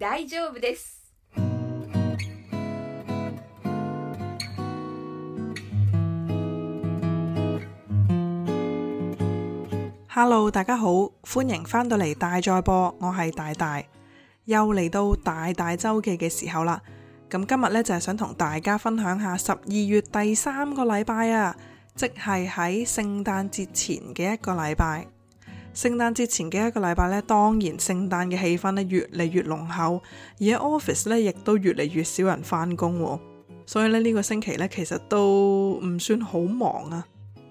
大丈夫です。Hello，大家好，歡迎返到嚟大再播，我係大大，又嚟到大大周記嘅時候啦。咁今日呢，就係、是、想同大家分享下十二月第三個禮拜啊，即係喺聖誕節前嘅一個禮拜。聖誕節前嘅一個禮拜咧，當然聖誕嘅氣氛咧越嚟越濃厚，而喺 office 咧亦都越嚟越少人翻工，所以咧呢個星期咧其實都唔算好忙啊，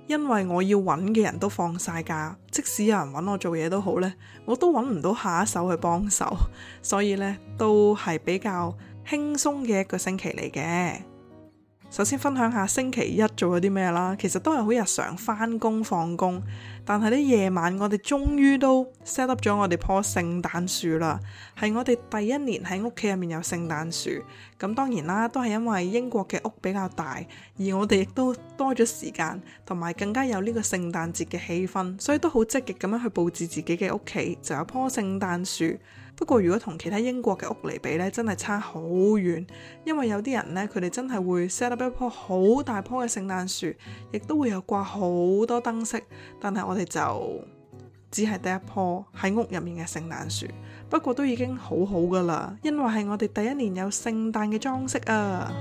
因為我要揾嘅人都放晒假，即使有人揾我做嘢都好咧，我都揾唔到下一手去幫手，所以咧都係比較輕鬆嘅一個星期嚟嘅。首先分享下星期一做咗啲咩啦，其實都係好日常，翻工放工。但係呢夜晚我終於我，我哋終於都 set up 咗我哋棵聖誕樹啦，係我哋第一年喺屋企入面有聖誕樹。咁當然啦，都係因為英國嘅屋比較大，而我哋亦都多咗時間，同埋更加有呢個聖誕節嘅氣氛，所以都好積極咁樣去佈置自己嘅屋企，就有棵聖誕樹。不過如果同其他英國嘅屋嚟比呢，真係差好遠，因為有啲人呢，佢哋真係會 set up 一棵好大棵嘅聖誕樹，亦都會有掛好多燈飾，但係我哋就只係第一棵喺屋入面嘅聖誕樹，不過都已經好好㗎喇，因為係我哋第一年有聖誕嘅裝飾啊！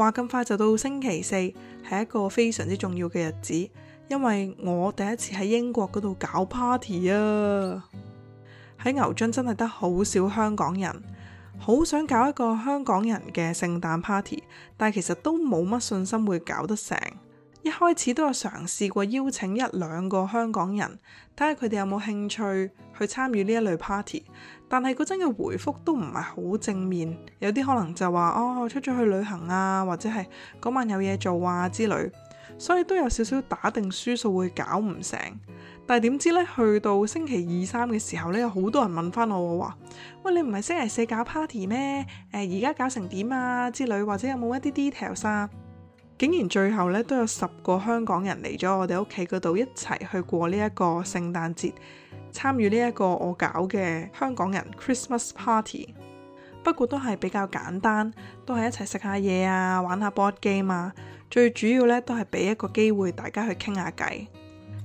話咁快就到星期四，係一個非常之重要嘅日子，因為我第一次喺英國嗰度搞 party 啊！喺牛津真係得好少香港人，好想搞一個香港人嘅聖誕 party，但係其實都冇乜信心會搞得成。一開始都有嘗試過邀請一兩個香港人，睇下佢哋有冇興趣去參與呢一類 party，但係嗰陣嘅回覆都唔係好正面，有啲可能就話哦出咗去旅行啊，或者係嗰晚有嘢做啊之類，所以都有少少打定輸數會搞唔成。但係點知呢，去到星期二三嘅時候呢，有好多人問翻我話：喂，你唔係星期四搞 party 咩？誒，而家搞成點啊之類，或者有冇一啲 detail 啊？竟然最後咧都有十個香港人嚟咗我哋屋企嗰度一齊去過呢一個聖誕節，參與呢一個我搞嘅香港人 Christmas party。不過都係比較簡單，都係一齊食下嘢啊，玩下 board game 啊。最主要咧都係俾一個機會大家去傾下偈。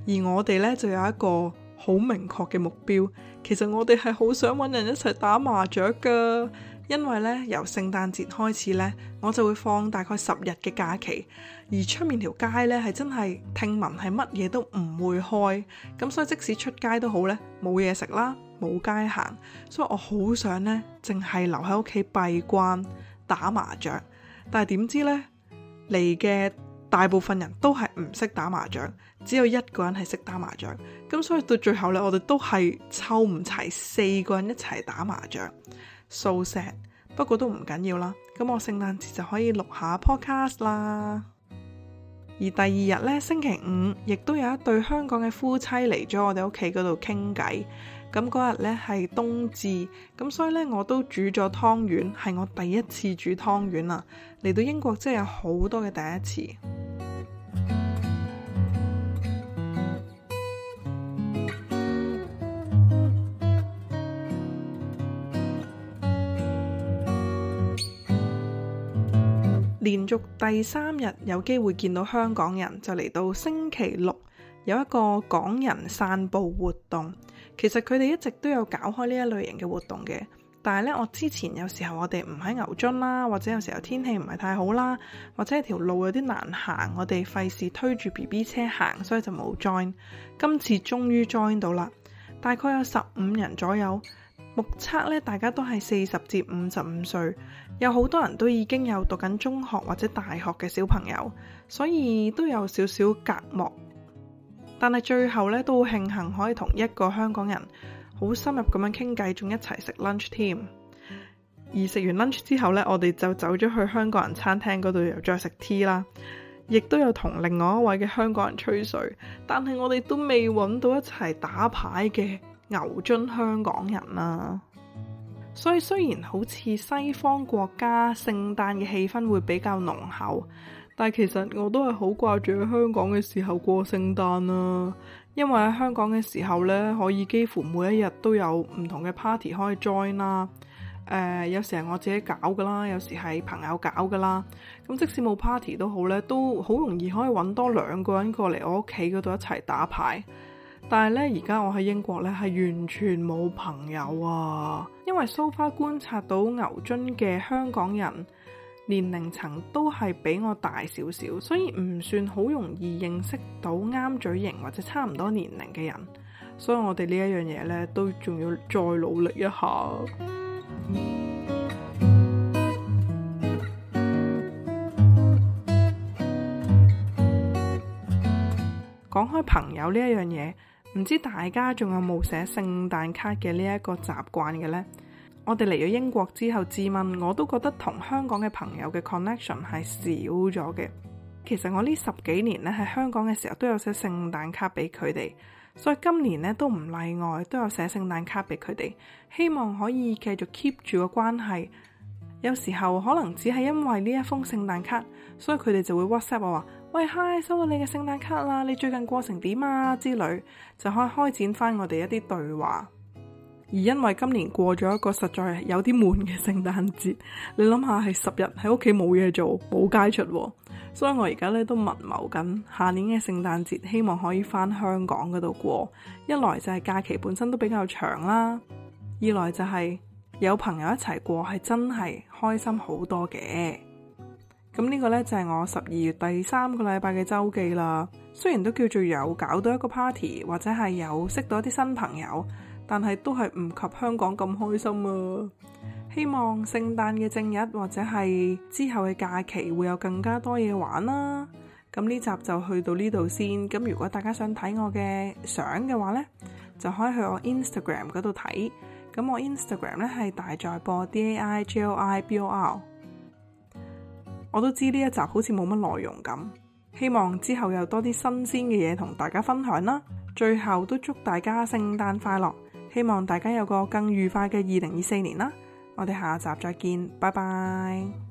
而我哋咧就有一個好明確嘅目標，其實我哋係好想揾人一齊打麻雀㗎。因為咧，由聖誕節開始咧，我就會放大概十日嘅假期。而出面條街咧，係真係聽聞係乜嘢都唔會開咁，所以即使出街都好咧，冇嘢食啦，冇街行。所以我好想咧，淨係留喺屋企閉關打麻將。但係點知咧，嚟嘅大部分人都係唔識打麻將，只有一個人係識打麻將咁，所以到最後咧，我哋都係湊唔齊四個人一齊打麻將。素食，so，不過都唔緊要啦。咁我聖誕節就可以錄下 podcast 啦。而第二日咧，星期五，亦都有一對香港嘅夫妻嚟咗我哋屋企嗰度傾偈。咁嗰日咧係冬至，咁所以咧，我都煮咗湯圓，係我第一次煮湯圓啦。嚟到英國真係有好多嘅第一次。連續第三日有機會見到香港人，就嚟到星期六有一個港人散步活動。其實佢哋一直都有搞開呢一類型嘅活動嘅，但係呢，我之前有時候我哋唔喺牛津啦，或者有時候天氣唔係太好啦，或者係條路有啲難行，我哋費事推住 BB 車行，所以就冇 join。今次終於 join 到啦，大概有十五人左右，目測呢，大家都係四十至五十五歲。有好多人都已經有讀緊中學或者大學嘅小朋友，所以都有少少隔膜。但係最後咧，都慶幸可以同一個香港人好深入咁樣傾偈，仲一齊食 lunch 添。而食完 lunch 之後咧，我哋就走咗去香港人餐廳嗰度又再食 tea 啦，亦都有同另外一位嘅香港人吹水。但係我哋都未揾到一齊打牌嘅牛津香港人啊！所以雖然好似西方國家聖誕嘅氣氛會比較濃厚，但係其實我都係好掛住喺香港嘅時候過聖誕啊。因為喺香港嘅時候咧，可以幾乎每一日都有唔同嘅 party 可以 join 啦。誒、呃，有時係我自己搞㗎啦，有時係朋友搞㗎啦。咁即使冇 party 都好咧，都好容易可以搵多兩個人過嚟我屋企嗰度一齊打牌。但係咧，而家我喺英國咧，係完全冇朋友啊！因為蘇花觀察到牛津嘅香港人年齡層都係比我大少少，所以唔算好容易認識到啱嘴型或者差唔多年齡嘅人，所以我哋呢一樣嘢咧都仲要再努力一下。講開 朋友呢一樣嘢。唔知大家仲有冇寫聖誕卡嘅呢一個習慣嘅呢？我哋嚟咗英國之後，自問我都覺得同香港嘅朋友嘅 connection 係少咗嘅。其實我呢十幾年咧喺香港嘅時候都有寫聖誕卡俾佢哋，所以今年咧都唔例外，都有寫聖誕卡俾佢哋，希望可以繼續 keep 住個關係。有時候可能只係因為呢一封聖誕卡，所以佢哋就會 WhatsApp 我話。喂，Hi，收到你嘅聖誕卡啦，你最近過成點啊？之類就可以開展翻我哋一啲對話。而因為今年過咗一個實在有啲悶嘅聖誕節，你諗下係十日喺屋企冇嘢做，冇街出啊，所以我而家咧都密謀緊下年嘅聖誕節，希望可以翻香港嗰度過。一來就係假期本身都比較長啦，二來就係有朋友一齊過係真係開心好多嘅。咁呢個呢，就係我十二月第三個禮拜嘅周記啦。雖然都叫做有搞到一個 party 或者係有識到一啲新朋友，但係都係唔及香港咁開心啊！希望聖誕嘅正日或者係之後嘅假期會有更加多嘢玩啦。咁呢集就去到呢度先。咁如果大家想睇我嘅相嘅話呢，就可以去我 Instagram 嗰度睇。咁我 Instagram 呢，係大在播 D A I J O I B O R 我都知呢一集好似冇乜內容咁，希望之後有多啲新鮮嘅嘢同大家分享啦。最後都祝大家聖誕快樂，希望大家有個更愉快嘅二零二四年啦。我哋下集再見，拜拜。